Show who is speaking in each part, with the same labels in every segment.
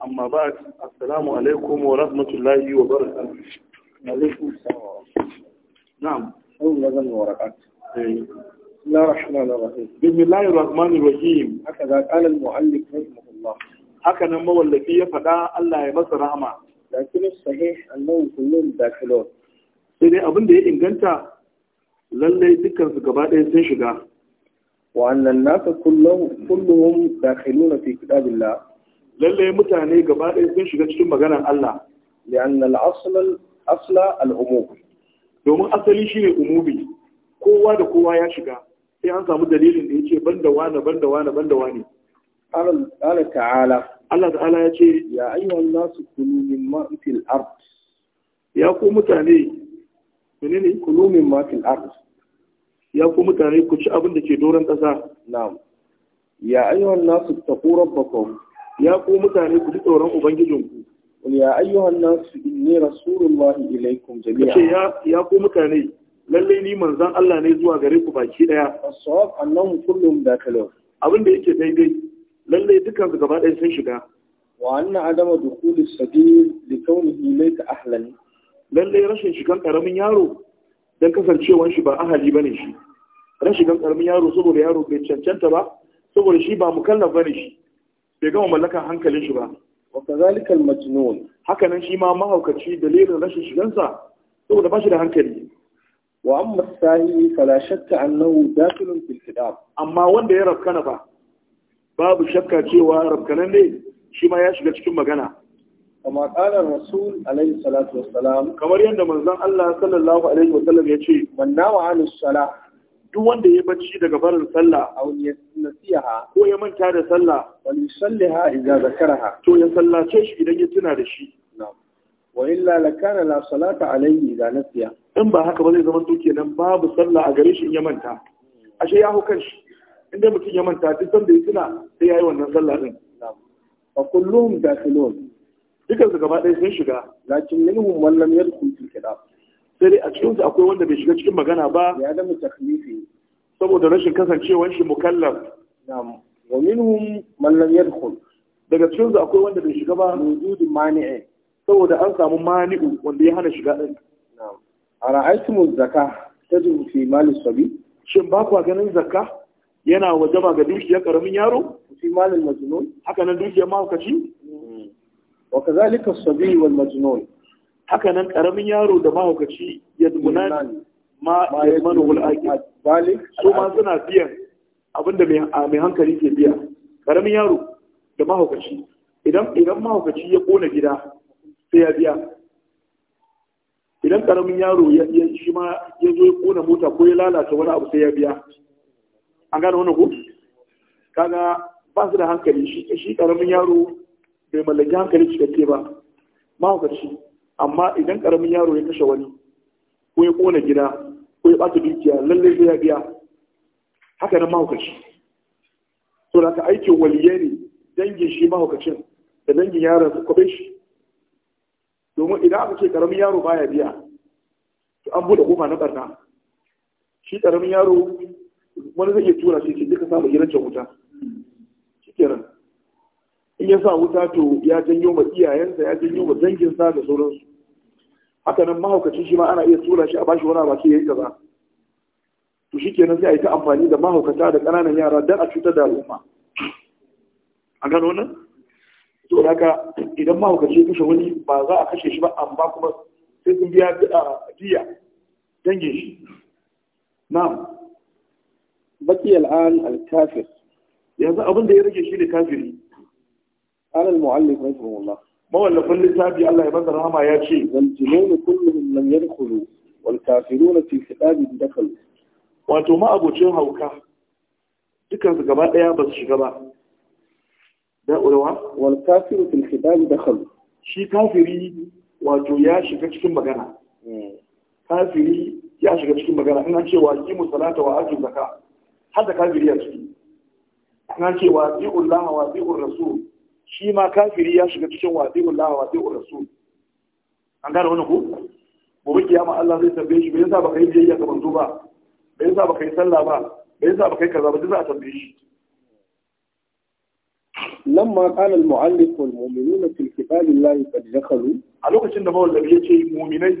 Speaker 1: amma ba assalamu alaikum wa rahmatullahi wa barakatuhu alaikum na'am sai ya faɗa Allah ya masa rahama lakin sahih annahu kullun dakhilun sai dai abin da ya inganta lallai dukkansu gaba ɗaya sun shiga wa annan nasa kulluhum dakhiluna fi kitabillah lallai mutane gaba ɗaya sun shiga cikin maganar Allah li'an al-asl asla al-umum domin asali shine umumi kowa da kowa ya shiga sai an samu dalilin da yake banda wani banda wani banda wani Allah ta'ala Allah ta'ala ya ce ya ayyuhan nasu kulu mimma fil ard ya ku mutane menene kulumin ma fil ard ya ku mutane ku ci abin da ke doron ƙasa na'am ya ayyuhan nasu taqu rabbakum ya ku mutane ku ji tsoron ubangijinku ya ayyuhan nasu inni rasulullahi ilaikum jami'a ce ya ya ku mutane lallai ni manzon Allah ne zuwa gare ku baki daya as-sawab annahum kullum dakalu abin da yake daidai lallai dukkan su gaba ɗaya sun shiga wa anna adama dukhuli sabil li kawnihi ilayka ahlan lallai rashin shigan karamin yaro don kasancewan shi ba ahali bane shi rashin shigan karamin yaro saboda yaro bai cancanta ba saboda shi ba mukallaf bane shi bai gama mallakan hankalin shi ba wa kazalika al-majnun shi ma mahaukaci dalilin rashin shigansa saboda ba shi da hankali wa amma sahi fala shakka annahu dakhilun fil kitab amma wanda ya rafkana ba babu shakka cewa rafkanan ne shi ma ya shiga cikin magana kama qala rasul alaihi salatu wassalam kamar yadda manzon Allah sallallahu alaihi wasallam yace man nawa an sala duk wanda ya bacci daga barin sallah aw nasiha ko ya manta da sallah wal yusalliha idza zakaraha to ya sallace shi idan ya tuna da shi wa illa la kana la salata alayhi idza nasiya in ba haka ba zai zama to kenan babu sallah a gare shi in ya manta ashe ya hukan shi inda mutum ya manta duk sanda ya tuna sai yayi wannan sallah din fa kulluhum dakhilun dukkan su gaba ɗaya sun shiga lakin minhum man lam yadkhul fil kitab sai dai a cikin su akwai wanda bai shiga cikin magana ba ya da taklifi saboda rashin kasancewar shi mukallaf na'am wa minhum man lam yadkhul daga cikin su akwai wanda bai shiga ba wujudin mani'i saboda an samu mani'u wanda ya hana shiga din na'am ara'aytum zakka tajibu fi mali sabi shin ba kwa ganin zakka yana wajaba ga dukiyar karamin yaro fi malin majnun haka nan dukiyar mahaukaci mm. wa kazalika sabi wal majnun haka nan karamin yaro da mahaukaci ya dubuna ma ya manu wal aqil su ma suna biyan abinda mai hankali ke biya karamin yaro da mahaukaci idan idan mahaukaci ya kona gida sai ya biya idan karamin yaro ya shi ma ya zo ya kona mota ko ya lalata wani abu sai ya biya an gane wannan ko kaga ba su da hankali shi karamin yaro bai mallaki hankali cikakke ba mahaukaci amma idan karamin yaro ya kashe wani ko ya kona gida ko ya ɓata dukiya lallai zai ya biya haka nan mahaukaci to da ka aikin waliye ne dangin shi mahaukacin da dangin yaron su kwabe shi domin idan aka ce karamin yaro baya biya to an buɗe kofa na barna shi karamin yaro wani zai iya tura shi ce duka samu gidan can wuta shi kenan in ya sa wuta to ya janyo ma iyayensa ya janyo ma danginsa da sauransu haka nan mahaukacin shi ma ana iya tura shi a bashi wani abaki ya yi kaza to shi kenan sai a yi ta amfani da mahaukata da ƙananan yara don a cutar da al'umma a gano nan to haka idan mahaukaci ya kashe wani ba za a kashe shi ba amma kuma sai sun biya diya dangin shi na'am baki al'an al-kafir yanzu abin da ya rage shi ne kafiri قال المؤلف رحمه الله mawallafin littafi Allah ya masa rahama ya ce zaljinun kullum lam yadkhulu wal kafiruna fi khitabi dakhalu wato ma abocin hauka dukan su ba su shiga ba da ulwa wal kafiru fil shi kafiri wato ya shiga cikin magana kafiri ya shiga cikin magana ina cewa qimu salata wa atu zakat hada kafiri ya ciki ina cewa bi'ullaha wa bi'ur rasul shi ma kafiri ya shiga cikin wasi'ul laha wasi'ul rasul an gane wani ku gobe kiyama Allah zai tambaye shi bayan yasa baka yi biyayya ga manzo ba bai yasa baka yi sallah ba bayan yasa baka yi kaza ba zai tambaye shi lamma qala al-mu'allif wal mu'minun fi kitab Allah qad dakhalu a lokacin da mawallafi ya ce mu'minai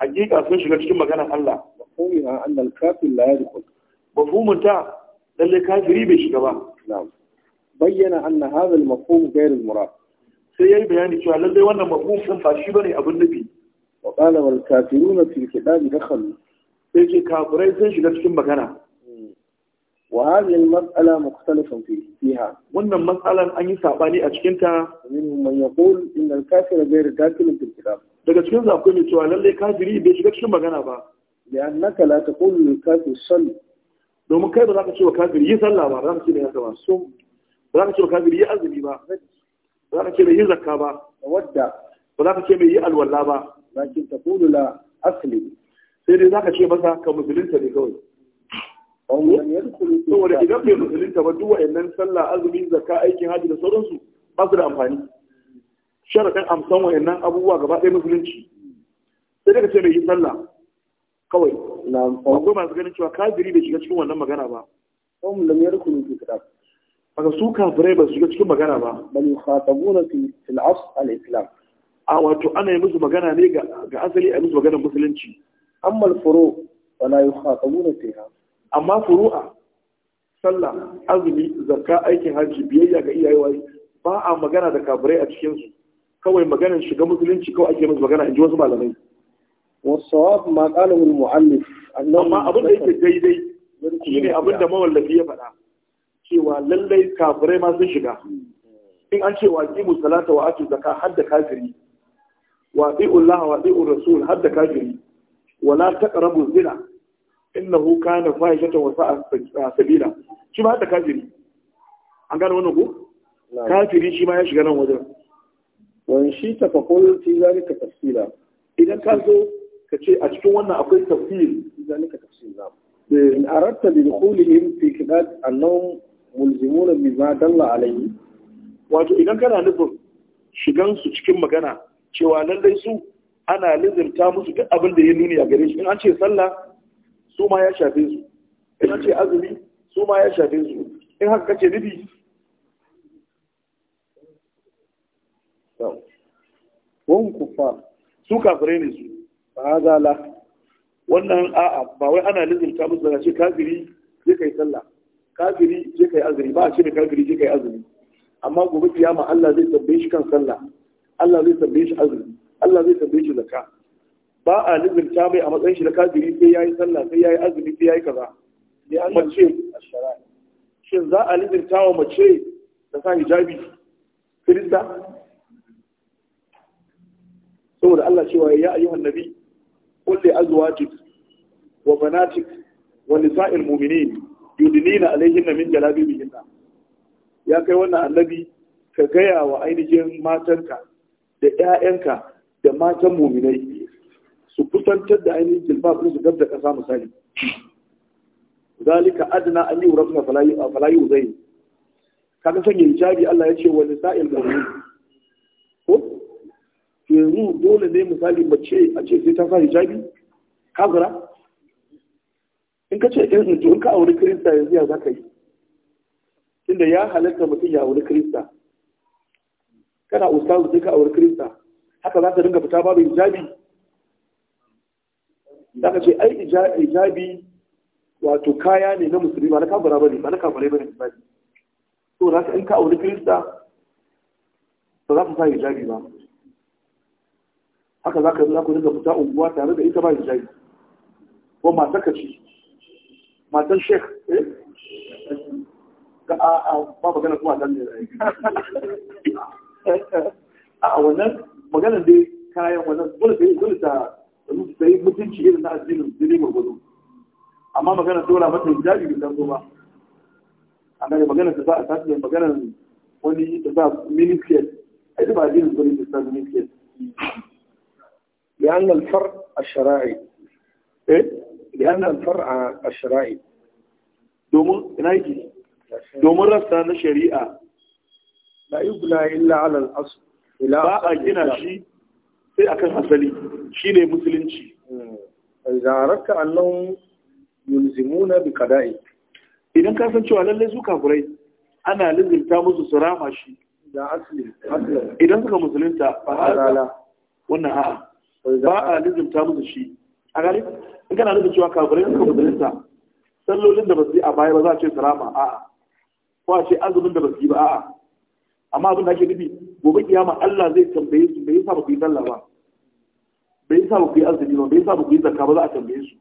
Speaker 1: hakika sun shiga cikin maganar Allah mafhumiha anna al-kafir la yadkhul ta, lalle kafiri bai shiga ba na'am bayyana anna hadha al-mafhum ghayr al-murad sai yayi bayani cewa lallai wannan mafhum din ba shi bane abin nufi wa qala wal kafiruna fi kitab dakhalu sai ce kafirai sun shiga cikin magana fi وهذه المسألة مختلف فيها وأن مسألة أن يسعبني أشكنت منهم من يقول إن الكافر غير داخل في الكتاب daga cikin zakwai mai cewa lallai kafiri bai shiga cikin magana ba da annaka la taqulu lil kafir salli domin kai ba za ka ce wa kafiri yi sallah ba za ka ce da haka ba so ba za ka ce ba kafiri yi azumi ba ba za ka ce mai yi zakka ba wadda ba za ka ce mai yi alwala ba lakin taqulu la asli sai dai za ka ce masa ka musulunta ne kawai saboda idan bai musulunta ba duk wa'annan sallah azumi zakka aikin hajji da sauransu ba su da amfani sharaɗin amsan wa'annan abubuwa gaba ɗaya musulunci sai ka ce mai yi sallah kawai akwai masu ganin cewa kafiri bai shiga cikin wannan magana ba kawai lam yarkulu fi kitab Baka su kafirai ba su ga cikin magana ba. Bani khatabuna fi fil asl al-islam. A wato ana yi musu magana ne ga asali a musu magana musulunci. Amma al-furu la yukhatabuna fiha. Amma furu'a sallah, azumi, zakka, aikin hajji, biyayya ga iyaye ba a magana da kafirai a cikin su. Kawai maganar shiga musulunci kawai ake musu magana in ji wasu malamai. والصواب ما قاله المؤلف أنه أما أبدا يتجيدي يعني أبدا ما والذي faɗa. cewa lallai kafirai ma sun shiga in an ce waƙi musalata wa ake zaka har da kafiri waɗi Allah wa ɗi rasul har da kafiri wala taqrabu zina innahu kana fahishatan wa sa'a sabila shi ma hadda da kafiri an gane wannan ko kafiri shi ma ya shiga nan wajen wani shi ta fakol fi zalika tafsira idan ka zo ka ce a cikin wannan akwai tafsir zalika tafsir na eh. in aratta bi dukhulihim fi qidad annahum mulzimuna bima dalla alayhi wato idan kana nufin shigan su cikin magana cewa nan dai su ana lizimta musu duk abin da ya nuni a gare shi in an ce sallah su ma ya shafe su in an ce azumi su ma ya shafe su in haka kace nufi wani kufa su kafire ne su ba zala wannan a'a ba wai ana lizimta musu daga ce kafiri zai kai sallah kafiri je kai azumi ba a ce da kafiri je kai azumi amma gobe kiyama Allah zai tambaye shi kan sallah Allah zai tambaye shi azumi Allah zai tambaye shi zakka ba a ta mai a matsayin shi na kafiri sai yayi sallah sai yayi azumi sai yayi kaza mace shin za a lizinta wa mace da sa hijabi kirista saboda Allah cewa ya ayyuhan nabi qul li azwajik wa banatik wa nisa'il mu'minin Namin na min na ya kai wannan annabi ka gaya wa ainihin matanka da 'ya'yanka da matan muminai su kusantar da ainihin jilbab su gab da ƙasa misali zalika adana an yi rabbuna falayu zai kaga sanya hijabi Allah ya ce wa nisa'il mu'min ko yanzu dole ne misali mace a ce sai ta sa hijabi kafira in ka ce in to in ka auri kirista yanzu ya za ka yi Inda ya halatta mutum ya auri kirista kana ustazu sai ka auri kirista haka za ka dinga fita babu hijabi za ka ce ai hijabi wato kaya ne na musulmi ba na kafara ba ne ba na kafare ba ne ba to za ka in ka auri kirista ba za ku sa hijabi ba haka za ka dinga fita unguwa tare da ita ba hijabi ko matar ka ce matan sheik a ba magana kuma dan ne a wannan maganar dai kayan wannan dole sai dole ta sai mutunci irin na addinin dole gurgudu amma magana dole mata hijabi bin dan ba amma magana ta za ta ce magana wani ta za minicate ai ba addinin dole ta minicate لأن الفرق الشرعي إيه؟ لأن الفرع الشرعي دومون نايجي دومون رسا الشريعة لا يبنى إلا على sai akan asali shine musulunci idza a annahum yulzimuna bi qada'i idan ka san cewa lalle su kafirai ana lizilta musu su rama shi idan suka musulunta fa hada wannan a'a ba a lizilta musu shi kana nufin cewa kafirai suka musulunta sallolin da ba su yi a baya ba za a ce sarama a'a ko a ce azumin da ba su yi ba a'a amma abin da ake nufi gobe kiyama Allah zai tambaye su bai sa ba ku yi sallah ba bai sa ba ku yi azumi ba bai sa ba ku yi zakka ba za a tambaye su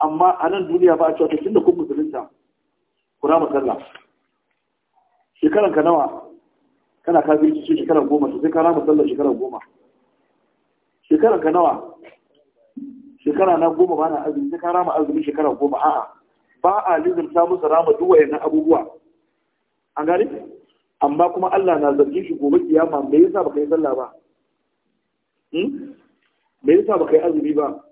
Speaker 1: amma a nan duniya ba a cewa tun da kun musulunta ku rama sallah shekaran ka nawa kana kafirci ce shekaran goma sai ka rama sallah shekaran goma shekaran ka nawa shekara na goma ba na azumi sai ka rama azumi shekara goma a'a ba a lizurta musu rama duk wayannan abubuwa an gane amma kuma Allah na zargin shi gobe kiyama me yasa baka yi sallah ba hmm? me yasa baka yi azumi ba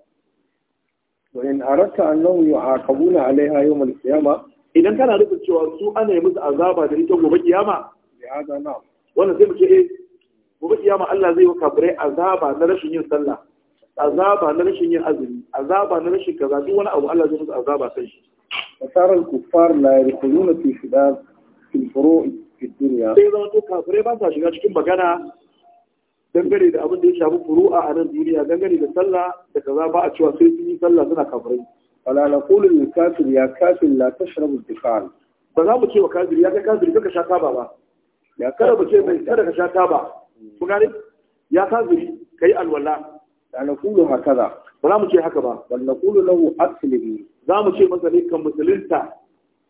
Speaker 1: wa in aratta annahu yu'aqabuna 'alayha yawm al-qiyama idan kana rubuta cewa su ana yi musu azaba da ita gobe kiyama wannan sai mu ce eh gobe kiyama Allah zai yi wa kafirai azaba na rashin yin sallah azaba na rashin yin azumi azaba na rashin kaza duk wani abu Allah zai musu azaba kan shi fasara al-kuffar la yadkhuluna fi shidad fi furu'i fi dunya sai zama to kafirai ba sa shiga cikin magana dangane da abin da ya shafi furu'a a nan duniya dangane da sallah da kaza ba a cewa sai sun yi sallah suna kafirai wala naqulu lil kafir ya kafir la tashrabu al ba za mu ce wa kafir ya kai kafir ka sha taba ba ya kada mu ce bai kada ka sha taba kuma ne ya kafir kai alwala da na kulu haka hakaza ba za mu ce haka ba bal na kulu lahu aslimi za mu ce masa ne kan musulunta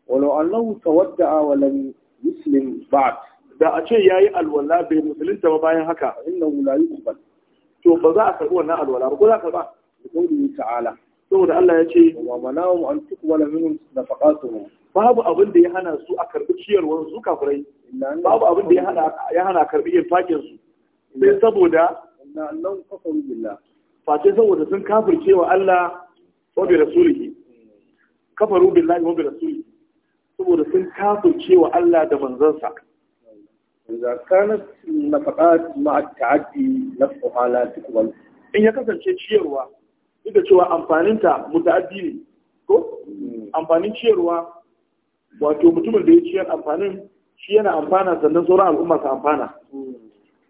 Speaker 1: walau annahu tawadda'a wa lam yuslim ba'd da a ce yayi alwala bai musulunta ba bayan haka innahu la yuqbal to ba za a karbi wannan alwala ba ko za ka ba da kauli ta'ala saboda Allah ya ce wa manahum an tuqbala minhum nafaqatuhum babu abin da ya hana su a karbi ciyarwar su kafirai babu abin da ya hana ya hana karbi irfakin su sai saboda annan kafaru billah face saboda sun kafirce wa Allah wa bi rasulihi kafaru billahi wa bi rasulihi saboda sun kafirce wa Allah da manzansa إذا كانت na مع التعدي نفسها In ya kasance ciyarwa, شيء cewa amfaninta mu أمفانينتا ne, ko mm. amfanin ciyarwa wato mutumin da ya ciyar amfanin shi yana amfana sannan sauran al'umma su amfana mm.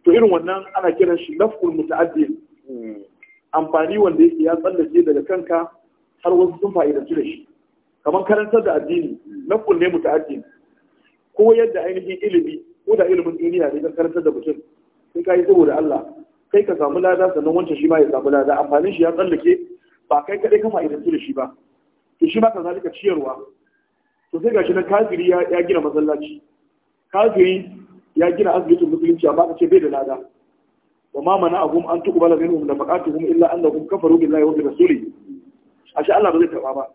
Speaker 1: to irin wannan ana kiran shi nafkul muta'addi mm. amfani wanda yake ya tsallake daga kanka har wasu sun fa'idantu da shi kamar karantar da addini na kunne mu addini ko yadda ainihin ilimi ko da ilimin duniya ne karantar da mutum sai ka yi saboda Allah kai ka samu lada sannan wancan shi ma ya samu lada amfanin shi ya tsallake ba kai kaɗai ka fa'idantu da shi ba to shi ma ka zalika ciyarwa to sai gashi nan kafiri ya gina masallaci kafiri ya gina asibitin musulunci amma ka ce bai da lada وما منعهم أن تقبل منهم نفقاتهم إلا أنهم كفروا بالله وبرسوله أشياء الله بذلك أبا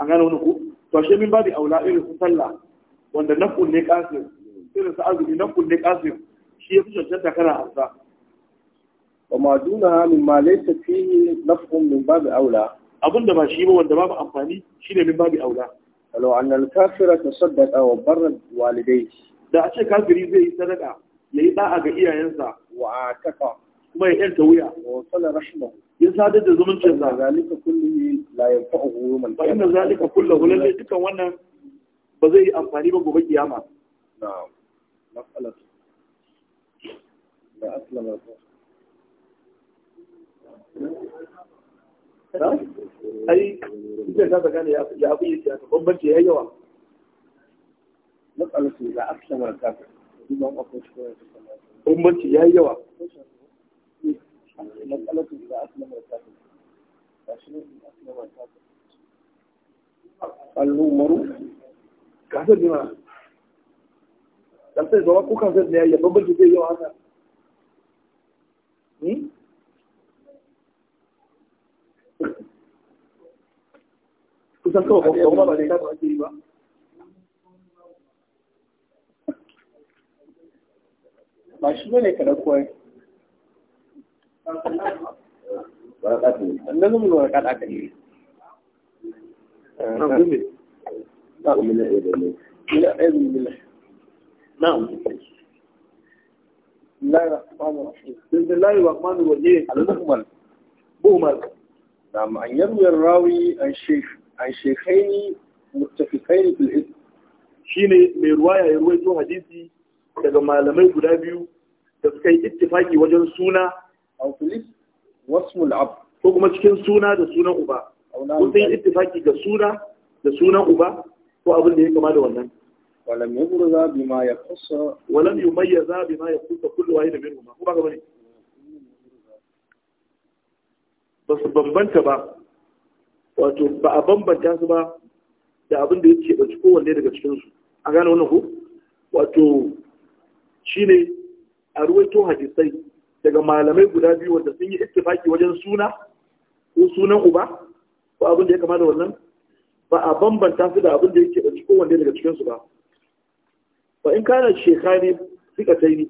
Speaker 1: أنا نقول فأشياء من باب أولاء إلهم صلى وأن نفقل لك آسف إذا سألت نفقل لك آسف شيء يفجر جدا كان أرزا وما دونها مما ليس فيه نفقهم من باب أولاء أظن ما شيء وأن باب أمفاني شيء من باب أولاء ولو أن الكافر تصدق وبرد والديه da a ce kafiri zai yi sadaka ya yi da'a ga iyayensa wa kafa kuma ya yanta wuya wa sala rahimahu ya sadar da zumuncin sa zalika kulli la yanfa'uhu yawm al-qiyamah fa inna zalika kullahu lalle dukan wannan ba zai yi amfani ba gobe kiyama na'am mas'alat da aslama ai ita ta gane ya fi ya fi ya bambance yayi yawa mas'alatu la aslama al-kafir bambanci ya yi yawa al'umaru kasar zama ko kasar ya yi bambanci zai yawa haka kusan kawai ba shi bane ne? kada نعم أن يروي الراوي عن شيخ عن شيخين متفقين في شيني من رواية يروي جو حديثي daga malamai guda biyu da suka yi ittifaki wajen suna a filis wasmul ko kuma cikin suna da sunan uba ko sun yi ittifaki ga suna da sunan uba ko abin da ya kama da wannan walam ma ya kusa walam yumayyaza bima yakhussu kullu da minhuma ko ba ga bane ba su bambanta ba wato ba a bambanta su ba da abin da ya ce ɗauki kowanne daga cikinsu a gane wannan ko wato Shi ne a ruwaito hadisai daga malamai guda biyu wanda sun yi ittifaki wajen suna ko sunan uba ko abin da ya kama da wannan ba a bambanta su da abin da yake cikin wanda daga cikinsu ba ba in kana ne suka kai ni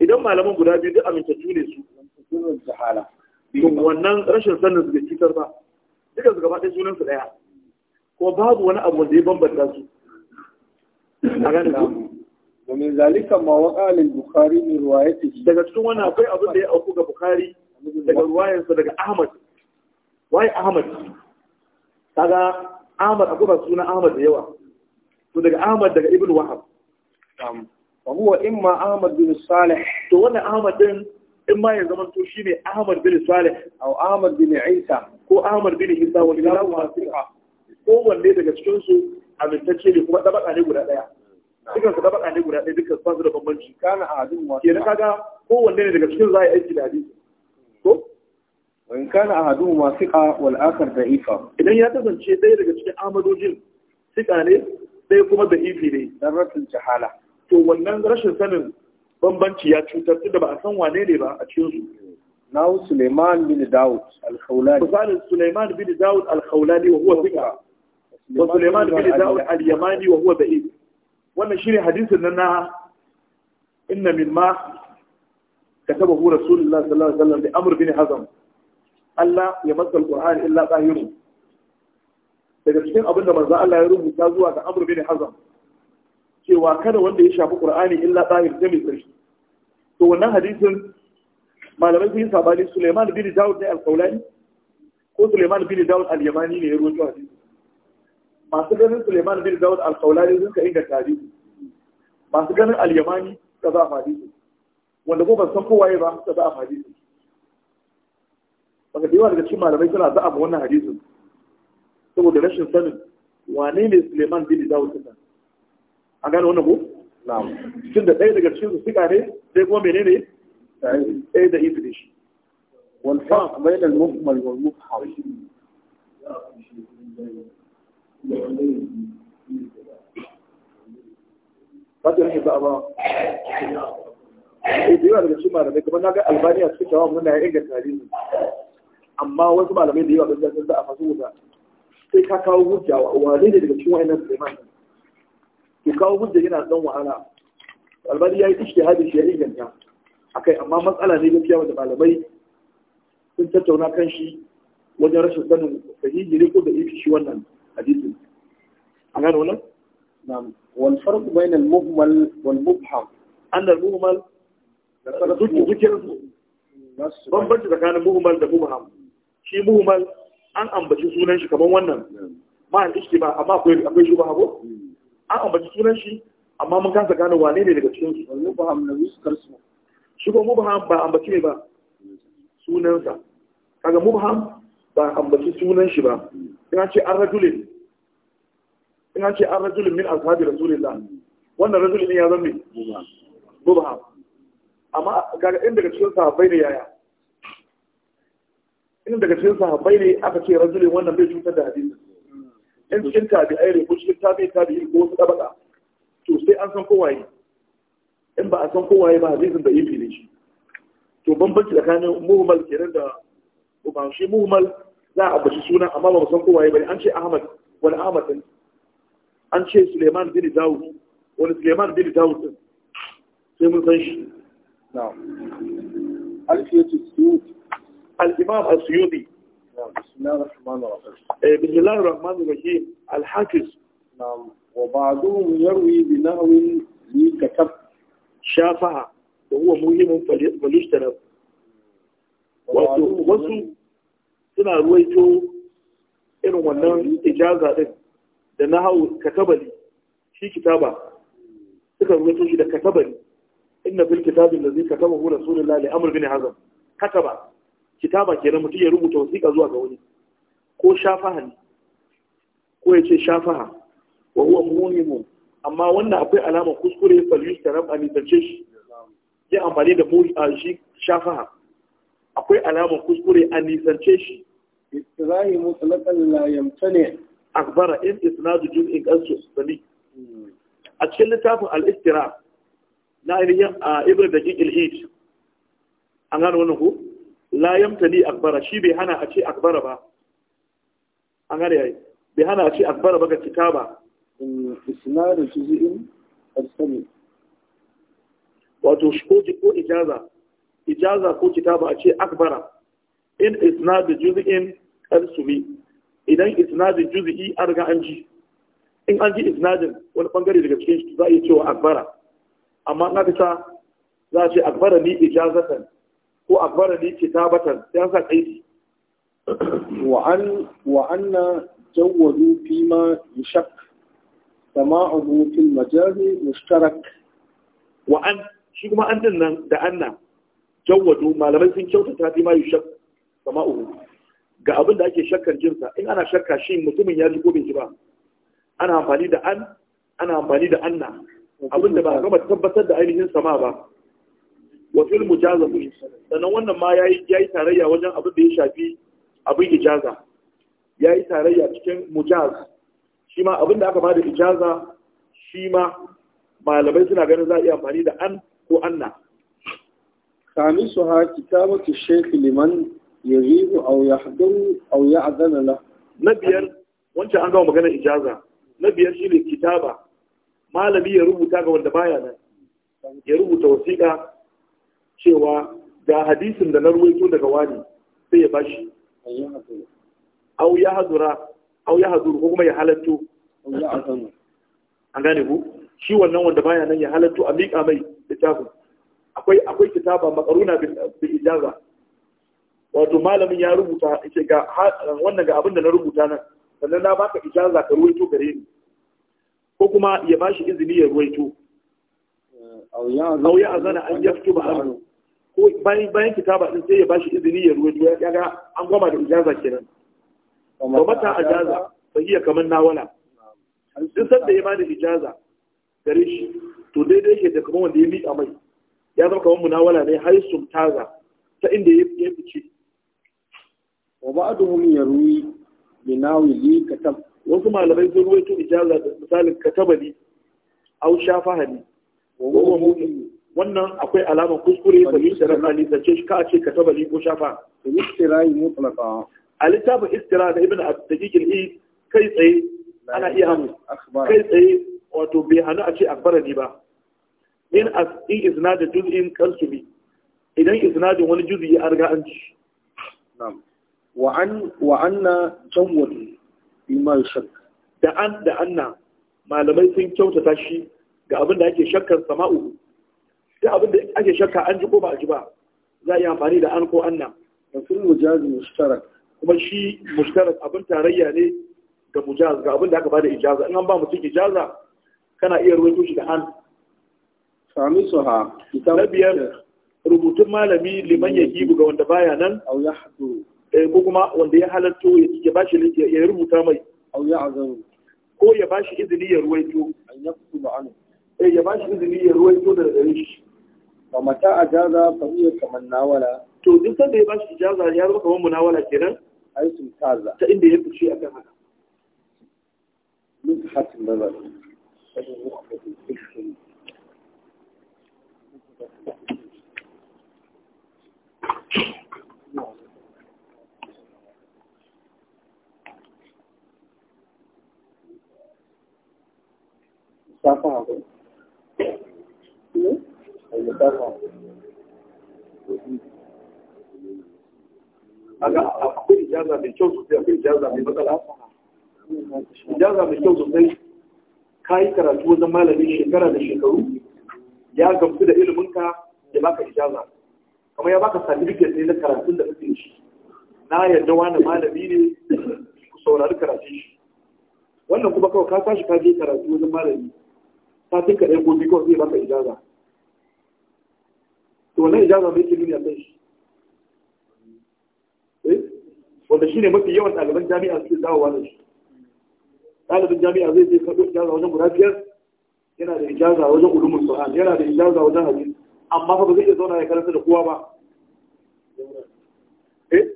Speaker 1: idan malaman guda biyu duk amintattu ne su tun wannan rashin sannan su da cutar ba duka su gaba ɗaya sunan su ɗaya kuma babu wani abu wanda ya bambanta su a ganin wa min zalika ma waqa lil bukhari min riwayatihi daga cikin wannan akwai abin da ya auku ga bukhari daga ruwayansa daga ahmad wai ahmad kaga ahmad akwai suna ahmad da yawa to daga ahmad daga ibn wahab wa huwa imma ahmad bin salih to wannan ahmad din in ma ya zama to shine ahmad bin salih aw ahmad bin isa ko ahmad bin isa wa ilahu wasiqa ko wanne daga cikin su amintacce ne kuma dabaka ne guda daya dukan guda ɗaya duka ba su da bambanci kana a hadin wa kenan kaga kowanne ne daga cikin za a yi aiki da hadisi ko in kana a hadin wa siƙa wal akar da ifa idan ya kasance ɗaya daga cikin amadojin siƙa ne ɗaya kuma da ifi ne dan rashin jahala to wannan rashin sanin bambanci ya cutar da ba a san wane ne ba a cikin su nawo Suleiman bin Dawud al-Khawlani misali Suleiman bin Dawud al-Khawlani wa huwa thiqa wa Suleiman bin Dawud al-Yamani wa huwa da'if wannan shi ne hadisin nan na inna min mimma katabahu rasulullah sallallahu alaihi wasallam da amr bin hazm Allah ya masal qur'ani illa qahiru daga cikin abin da manzo Allah ya rubuta zuwa ga amr bin hazm cewa kada wanda ya shafi qur'ani illa qahir sai mai tsarki to wannan hadisin malamai sun yi sabani Sulaiman bin Da'ud ne al-Qawlani ko Suleiman bin Da'ud al-Yamani ne ya rubuta hadisin masu ganin Suleiman bin Daud al-Qaulani sun ka inganta hadisi masu ganin al-Yamani ka za a hadisi wanda ko ban san kowaye ba ka za a hadisi ka da yawa daga cikin malamai suna a ba wannan hadisin saboda rashin sanin wane ne Suleiman bin Daud din an gane wannan ko na'am cikin da ɗaya daga cikin su suka ne sai kuma menene ɗaya da ibi shi wal fa bainal mukmal wal mufham ba ba da yawa daga cikin malamai kamar na ga albaniya su shawa muna na ya inganta hadisi amma wasu malamai da yawa gaskiya sun da a fasu wuta. sai ka kawo hujja wane ne daga cikin nan suleiman Ku kawo hujja yana ɗan wahala albani ya yi ishtihadi shi ya inganta akai amma matsala ne gaskiya wanda malamai sun tattauna kan shi wajen rashin sanin sahihi ne ko da ifi shi wannan hadisin an gano wannan na'am wal farq bayna al mujmal wal mubham an al mujmal dukkan su bambanci tsakanin mujmal da mubham shi mujmal an ambaci sunan shi kaman wannan ma an iske ba amma akwai akwai shi ba hago hmm. an ambaci sunan shi amma mun kasa gane wane ne daga cikin su mubham na yuskar su shi ko mubham ba ambaci ne ba hmm. sunansa kaga mubham ba ambaci sunan shi ba hmm. ina ce an rajulin ina ce an rajulin min ashabi rasulillah wannan rajulin ya zama mubham amma kaga in daga cikin sahabbai ne yaya in daga cikin sahabbai ne aka ce rajulin wannan bai cutar da hadisi in cikin tabi tabi'ai ne ko cikin tabi'i tabi'i ko wasu ɗabaɗa. to sai an san kowaye in ba a san kowaye ba hadisin da yi ne shi to bambanci tsakanin muhimmal kenan da ba shi muhimmal za a ambaci suna amma ba san kowaye bane an ce Ahmad wani Ahmad din an ce Suleiman bin Dawud wani Suleiman bin Dawud din sai mun san shi na'am alfiyatu suyuti al-imam as-suyuti بسم الله الرحمن الرحيم بسم الله الرحمن الرحيم الحافظ نعم وبعضهم يروي بنحو لي كتب شافها وهو مهم wasu suna ruwaito irin wannan ijaza din da na hau katabali shi kitaba suka ruwaito shi da katabali inna fil kitabin da zai kataba hu rasulullah li amr bin hazam kataba kitaba kenan mutum ya rubuta wasiƙa zuwa ga wani ko shafaha ne ko ya ce shafaha wa huwa muhimu amma wannan akwai alamar kuskure fal yustarab a nisance shi ya amfani da mu shi shafaha akwai alamar kuskure a nisance shi istirahi mutlaqan la yamtani akbara in isnadu juz'in qansu sani a cikin littafin al na ainihin a ibn daqiq al-hid an gano wannan ko la yamtani akbara shi bai hana a ce akbara ba an gane yayi bai hana a ce akbara ba ga kitaba isnadu juz'in qansu wato shi ko ijaza ijaza ko kitaba a ce akbara in isnadu juzi'in qad sumi idan isnadin juzi'i an riga an ji in an ji isnadin wani bangare daga cikin shi za a yi cewa akbara amma na aka sa za a ce akbara ni ijazatan ko akbara ni kitabatan sai an sa kaidi wa an wa anna jawwadu fi ma yushak sama'uhu fil majazi mushtarak wa an shi kuma an din nan da anna jawwadu malamai sun kyautata fi ma yushak uku, ga abin da ake shakkar jinsa in ana shakka shi mutumin ya ji ko bai ji ba ana amfani da an ana amfani da anna abin da ba a gama tabbatar da ainihin sama ba wa fil mujazatu sannan wannan ma yayi yayi tarayya wajen abin da ya shafi abin ijaza yayi tarayya cikin mujaz shi ma abin da aka bada ijaza shi ma malamai suna ganin za a iya amfani da an ko anna kamisu ha ki shaykh liman يغيب يحضر يعذن له na biyar wancan an gama magana ijaza na biyar shine kitaba malami ya rubuta ga wanda baya nan ya rubuta wasiƙa cewa قواني hadisin da na يحضر daga wani sai ya bashi au ya hadura an gane ku shi wannan wanda baya nan ya halatto a miƙa mai littafin akwai akwai kitaba makaruna bil ijaza wato malamin ya rubuta ce ga wannan ga abin da na rubuta nan sannan na baka ijaza ka ruwaito gare ni ko kuma ya ba shi izini ya ruwaito A wuyan azana an yaftu ba hannu ko bayan kitaba din sai ya bashi izini ya ruwaito ya ga an goma da ijaza kenan ba mata ajaza ba hiya kaman nawala duk sanda ya da ijaza gare shi to daidai ke da kuma wanda ya miƙa mai ya zama kaman munawala ne har sumtaza ta inda ya fice wa ba'duhum yarwi bi nawili katab wasu malamai sun ruwaito ijaza da misalin katabali aw shafahani wa huwa mu'min wannan akwai alama kuskure ba ni sharan ali da ce ka ce katabali ko shafa to istirahi mutlaqa a littafin istira da ibn daqiqil i kai tsaye ana iya hamu kai tsaye wato bai hanu a ce ne ba in as in isnad juz'in kansu bi idan da wani juz'i ya riga an ji. na'am وأن can wani iman shakka. da an da anna malamai sun kyautata shi ga abin da ake shakkar sama'u da abin da ake shakka an ji ko ba a ji ba za a yi amfani da an ko anna da sun mujaz mustarar kuma shi mustarar abin tarayya ne ga mujaz ga abin da aka bada ijaza in an ba mutum ijaza kana iya ruwaito shi da an sami su ha na biyar rubutun malami liman ya ga wanda baya nan Eh, ko kuma wanda ya halatto ya bashi ya rubuta mai au ya azaru ko ya ba shi izini ya ruwaito an ya fito ba anu
Speaker 2: eh ya ba shi izini ya ruwaito
Speaker 1: daga gare shi ba mata ajaza fa iya kaman nawala to duk sanda ya ba shi ijaza ya kamar kaman munawala kenan ai sun kaza ta inda ya fice akan haka min hatin nazar Thank you. musafa hagu hmm? aga akwai ijaza mai kyau sosai akwai ijaza mai matsala ijaza mai kyau sosai ka yi karatu wajen malami shekara da shekaru ya gamsu da iliminka ya baka ijaza kamar ya baka certificate ne na karatun da kake shi na yarda wani malami ne ku saurari karatun shi wannan kuma kawai ka tashi ka je karatu wajen malami ta duka ɗaya gobe kawai zai baka ijaza to wannan ijaza mai ke nuni a kai eh? wanda shi ne mafi yawan ɗaliban jami'a suke dawowa da shi ɗalibin jami'a zai zai kaɗo ijaza wajen guda biyar yana da ijaza wajen ulumul qur'an yana da ijaza wajen hadisi amma fa ba zai iya zauna ya karanta da kowa ba eh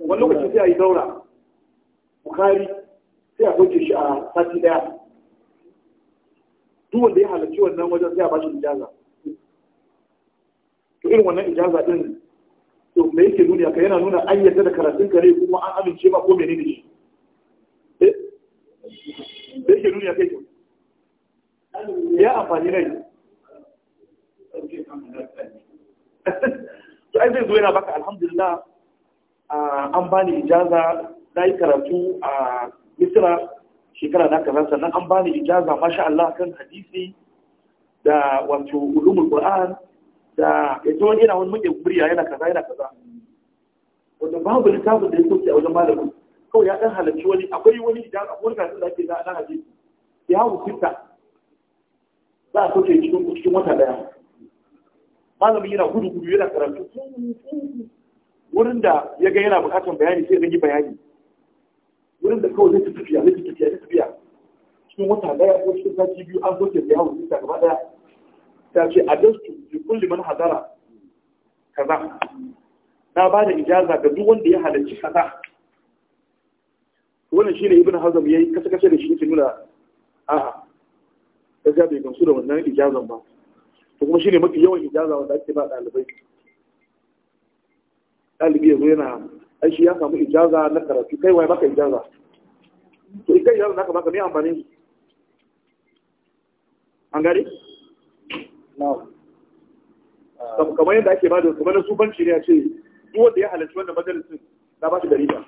Speaker 1: wani lokaci sai a yi daura bukari sai a ɗauke shi a sati ɗaya duk wanda ya halarci wannan wajen sai a bashi ijaza to irin wannan ijaza din to me yake nuni aka yana nuna an da karatun kare kuma an amince ba ko menene shi eh me yake nuni aka yi ya amfani rai to ai zai zo yana baka alhamdulillah ah, an bani ijaza na yi karatu a misira shekara na kaza sannan an bani ijaza masha Allah kan hadisi da wato ulumul qur'an da yanzu wani yana wani muke kuriya yana kaza yana kaza wanda babu littafin da ya soke a wajen malamu kawai ya dan halarci wani akwai wani idan wani kasu da ake da na hadisi ya hawo za a soke cikin cikin wata daya malamin yana gudu gudu yana karatu wurin da ya ga yana bukatar bayani sai ya yi bayani wurin da kawai zai tafiya zai tafiya cikin wata daya ko cikin sati biyu an soke da yawon jinta gaba daya ta ce a dastu bi kulli man hadara kaza na ba da ijaza ga duk wanda ya halarci kaza wannan shine ibn hazm yayi kasa kasa da shi yake nuna a a'a kaga bai gamsu da wannan ijazan ba to kuma shine mafi yawan ijaza wanda ake ba dalibai dalibi yanzu yana ai shi ya samu ijaza na karatu kai wai baka ijaza to kai ijaza naka baka me amfani an gari? kamar yadda ake bada kuma na sufanci ne a ce duk wanda ya halarci wannan majalisin na ba shi dari ba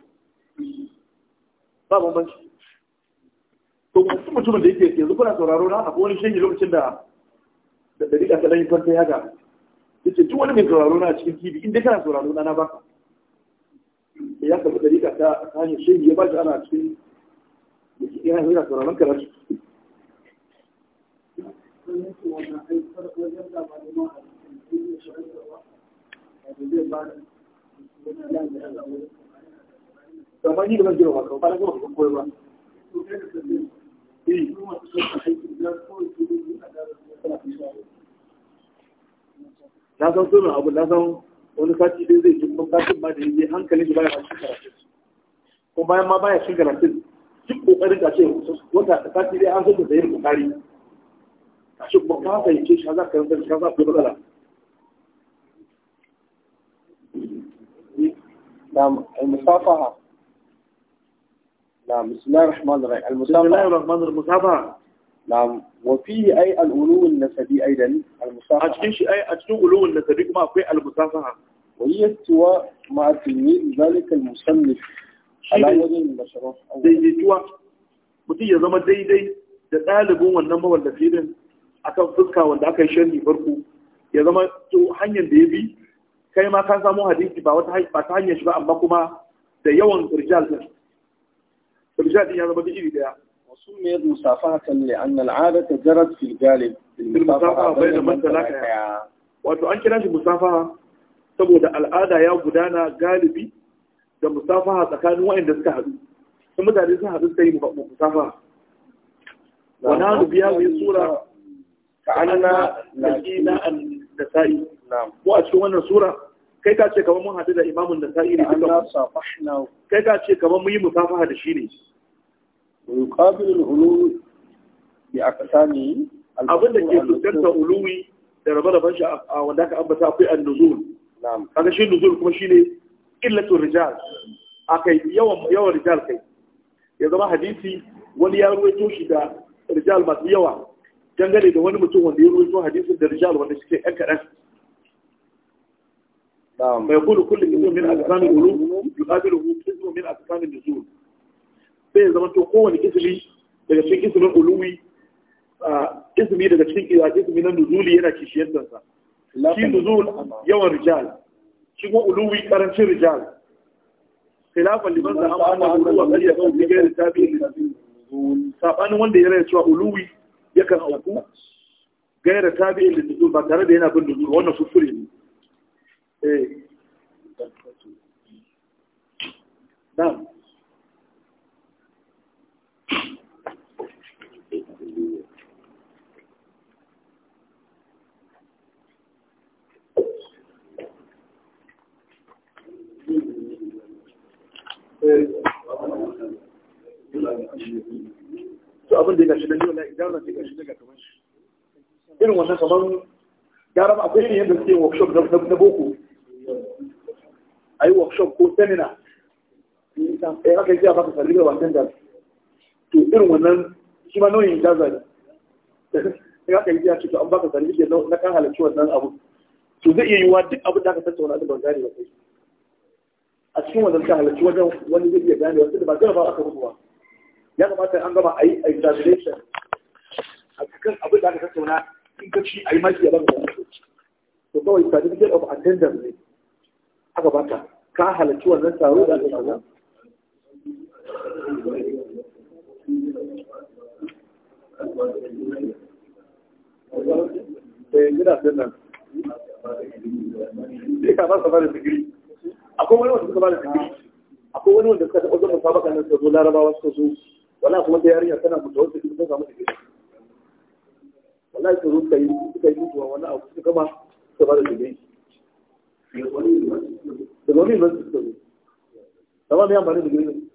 Speaker 1: ba bambanci to wasu mutumin da yake yanzu kuna sauraro na akwai wani shehi lokacin da da dari ka kadan kwanta ya ga yace duk wani mai sauraro na a cikin tv in dai kana sauraro na na ba ka. ya karbi dari ka ta hanyar shehi ya ba shi ana cikin yana sauraron karatu kamar ni ba na na san sunan abu na san wani sati dai zai kuma satin ma da yi hankali da kuma bayan ma duk ce wata sati an da شوف ce kuma ka نعم المصافحة نعم بسم الله الرحمن الرحيم المصافحة بسم الله الرحمن نعم وفيه أي الألو النسبي أيضا المصافحة أجل شيء أي أجل ألو النسبي كما في المصافحة وهي استواء مع تلميذ ذلك المصنف على وجه المشروع زي زي توا زلمه ya zama ده طالب ɗalibin wannan ولا din akan fuska wanda aka yi sharhi farko ya zama to hanyar da ya bi kai ma ka samu hadisi ba wata ba ta hanyar shi ba amma kuma da yawan rijal din rijal din ya zama da iri daya وسميت مصافحة لأن العادة جرت في الغالب بالمصافحة بين من تلاقى wato an kira shi musafaha saboda al'ada ya gudana galibi da musafaha tsakanin waɗanda suka haɗu sun mutane sun haɗu suka yi musafaha wa na biya mai sura fa'alna laqina an-nasa'i ko a cikin wannan sura kai ka ce kamar mun haɗu da imamun nasa'i ne Allah safahna kai ka ce kamar mun yi musafaha da shi ne yuqabilu al-ulul bi aqsami abin da ke fuskantar uluwi da rabar raben shi a wanda aka ambata akwai an-nuzul na'am kaga shi nuzul kuma shi ne illatul rijal akai yawan yawan rijal kai ya zama hadisi wani ya ruwaito shi da rijal masu yawa dangane da wani mutum wanda ya rujo hadisun da rijal wanda suke ɗan kaɗan mai kudu kullum izo min azkamin ulu hu, izo min azkamin nuzul sai ya zama to kowane ismi daga cikin ismin uluwi ismi daga cikin ismi na nuzuli yana kishiyar sa shi nuzul yawan rijal shi kuma uluwi karancin rijal khilafan liman da amma uluwa kan ya kawo bigayar sabanin wanda ya rayar cewa uluwi yakan auku gaira tabi'in da nuzul ba tare da yana bin nuzul wannan kuskure ne eh na'am Thank eh. you. to abin da ya gashi da yau na idan gashi daga kamar shi irin wannan kamar gara ba akwai yadda suke workshop na boko a yi workshop ko seminar eh, yi a baka da to irin wannan shi ma nauyin jaza ne yi a ce to an baka na kan halarci wannan abu to zai iya yiwuwa duk abin da aka tattauna da ban gane ba kai a cikin wannan kan halarci wajen wani zai iya gane wasu da ba gane ba aka rubuwa ya kamata an gama a yi examination a cikin abin da aka tattauna in ka ci a yi maki a baka to kawai certificate of attendance ne aka baka ka halarci wannan taro da aka tattauna eh, Akwai wani wanda suka ba da digiri. Akwai wani wanda suka taɓa zama sabakan nan su zo larabawa suka zo wala kuma ta yarinya tana mutuwar wacce kuma samu da gida wala su ruka yi suka yi mutuwa wal'a abu suka gama ba da digiri da wani ba su suka zama mai amfani da gini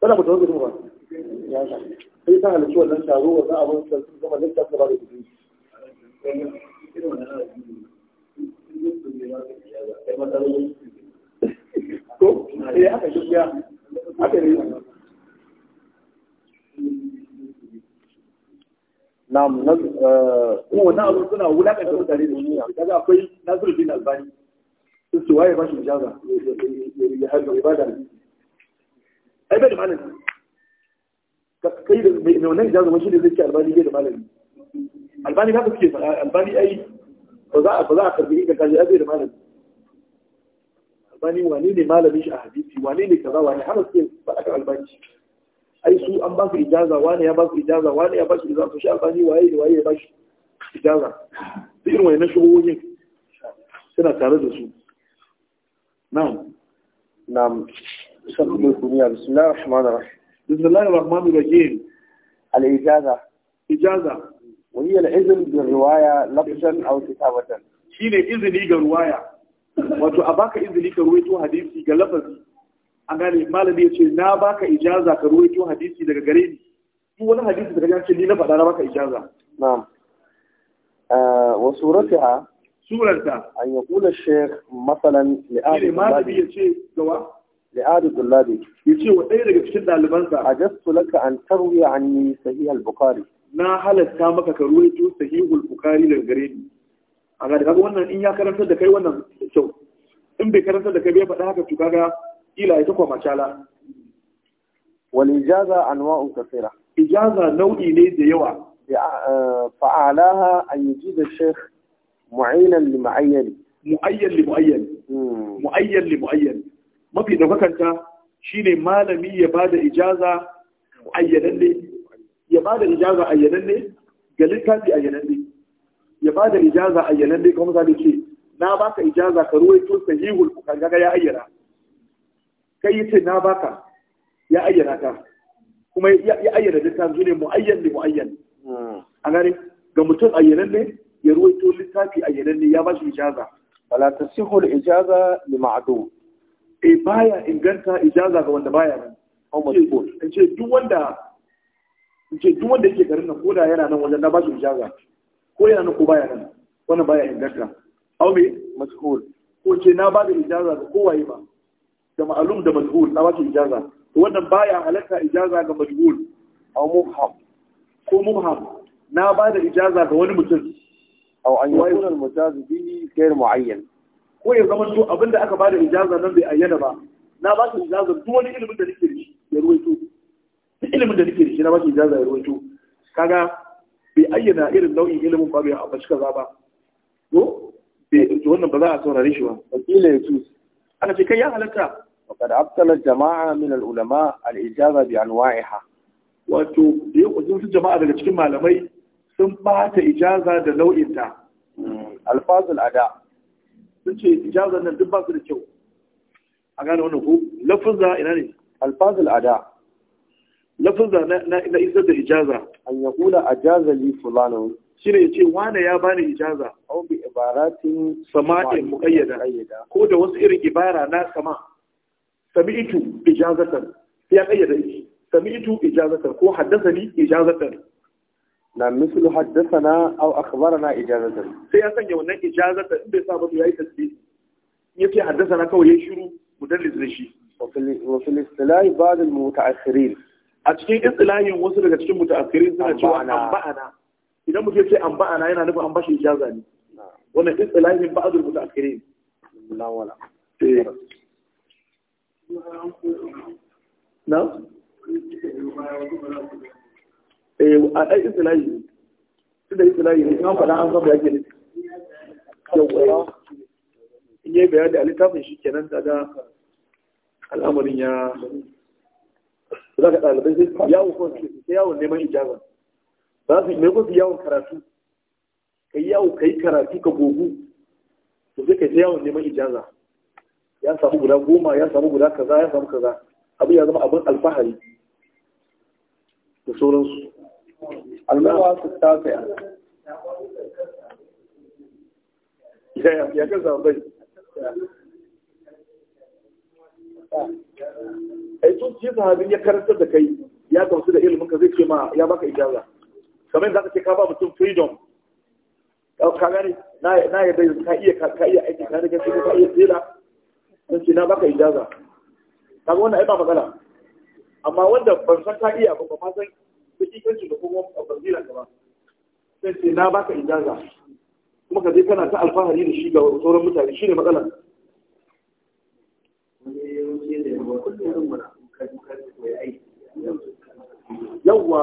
Speaker 1: tana mutuwa ta, kuma ba sai ta halarci wannan taro wannan abin da su gama da ta ba da digiri ko eh haka shi ya haka ne na'am na kuma eh, oh, wannan abu suna wulakanta mutane da duniya kaga akwai Nasiruddin Albani su waye ba shi jaza ya hajjo ibada ai bai da malami kai da mai wannan jaza shi ne zai ce albani bai da malami albani haka suke faɗa albani ai ba za a ba za a karbi ka kaji ai bai da malami albani wane ne malamin shi a hadisi wane ne kaza wane har suke faɗa kan albani ai su an ba su ijaza wani ya ba su ijaza wani ya ba su ijaza shi albani waye da waye ya ba shi ijaza duk irin wayannan shugoyin suna tare da su na'am na'am sabbin duniya bismillahir rahmanir rahim bismillahir rahmanir rahim al ijaza ijaza Wani yana وهي الإذن بالرواية لفظا أو Shi ne izini ga riwaya. wato a baka izini ka ruwaito hadisi ga lafazi an gane malami ya ce na baka ijaza ka ruwaito hadisi daga gare ni in wani hadisi daga yanci ni na faɗa na baka ijaza na'am eh, wa ha? surarta an yaqula shaykh masalan li'adi malami ya ce gawa li'adi dullabi ya ce wa ɗaya daga cikin ɗalibansa ajastu laka an tarwiya anni sahih al-bukhari na halatta maka ka ruwaito sahihul bukhari daga gare ni a ga daga wannan in ya karanta da kai wannan kyau in bai karanta da kai bai faɗa haka to kaga ila ya tukwa macala wal ijaza anwa'un kathira ijaza nau'i ne da yawa e, fa'alaha an da shaykh mu'ayyan li mu'ayyan mu'ayyan li mu'ayyan hmm. mu'ayyan li mu'ayyan mafi daukakanta shine malami ya bada ijaza ayyanan ya bada ijaza ayyanan ne ga littafi ayyanan ne ya bada ijaza ayyanan ne kuma misali ce na baka ijaza ka ruwaito sahihul bukhari kaga ya ayyana kai yace na baka ya ayyana ka kuma ya ayyana littafi shine muayyan ne muayyan hmm. a gare ga mutum ayyanan ne ya ruwaito littafi ayyanan ne ya ba shi ijaza wala tasihu al ijaza li ma'dum e baya inganta ijaza ga wanda baya nan aw in ce duk wanda in ce duk wanda yake garin nan ko da yana nan wajen na ba shi ijaza ko yana nan ko baya nan wannan baya inganta aw me mashhur ko ce na ba da ijaza ga kowaye ba da ma'alum da majhul na wace ijaza to wannan baya halatta ijaza ga majhul aw mubham ko mubham na ba da ijaza ga wani mutum aw an yakuna al-mujaz bi ghayr muayyan ko ya zama to abinda aka ba da ijaza nan bai ayyana ba na ba shi ijaza duk wani ilimin da nake da shi ya ruwaito duk ilimin da nake da shi na ba shi ijaza ya ruwaito kaga bai ayyana irin nau'in ilimin ba bai abashi kaza ba to bai wannan ba za a saurare shi ba wakila ya aka ce kai ya halatta فقد أبطل الجماعة من العلماء الإجابة بأنواعها wato da ya wasu jama'a daga cikin malamai sun bata ijaza da nau'inta alfazul ada sun ce ijaza nan duk ba su da kyau a gane wannan ko lafuzza ina ne alfazul ada lafuzza na isar da ijaza an ya kula ajaza li fulano shi ne ce wane ya bani ijaza au bi ibaratin sama'in muqayyada ko da wasu irin ibara na sama' sami'tu ijazatan ya kayyada shi sami'tu ijazatan ko haddasa haddasani ijazatan na haddasa mislu haddasana aw akhbarana ijazatan sai ya sanya wannan ijazatan in bai sa ba yayi tasbih haddasa na kawai yayi shiru mudallis da shi wa fil istilahi ba'd al muta'akhirin a cikin istilahin wasu daga cikin muta'akhirin suna cewa amba'ana idan mutum ce amba'ana yana nufin an bashi ijaza ne wannan istilahin ba'd al muta'akhirin lawala eh. na? eh a ɗan islayi su da islayi ne an faɗa an san ya ke nufi yawwa in yi bayani a littafin shi kenan daga al'amarin ya za ka ɗalibai sai yawon kwanci yawon neman ijaza ba su mai kwanci yawon karatu ka yi yawo ka yi karatu ka gogu to sai ka sai yawon neman ijaza ya samu guda goma ya samu guda kaza ya samu kaza abu ya zama abin alfahari da sauransu allawa su tafiya ya kan zaɓai yi tun cikin sahabin ya karantar da kai ya gamsu da ilimin ka zai ce ma ya baka ijaza kamar yadda ka ce ka ba mutum freedom ka gane na yadda ka iya aiki ka rike ka iya tsira sai ce na baka ijaza Ta wannan ai ba magana amma wanda ban san ka iya ba ba san shi da kuma barziran ka ba sai ce na baka ijaza kuma ka je kana ta alfahari da shi ga sauran mutane shine matsala yawwa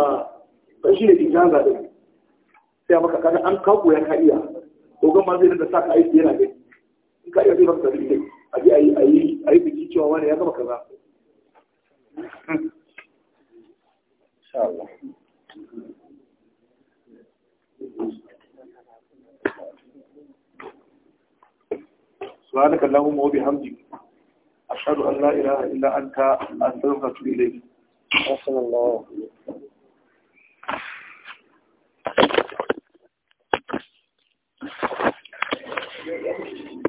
Speaker 1: sai shi ne ijaza din sai maka kana an kawo ya ka iya dogon ma zai da sa ka aiki yana dai in ka iya zai maka sarki a ji a yi biki cewa wani ya gama kaza سبحانك اللهم وبحمدك أشهد أن لا إله إلا أنت أستغفرك وأتوب إليك صلى الله عليه وسلم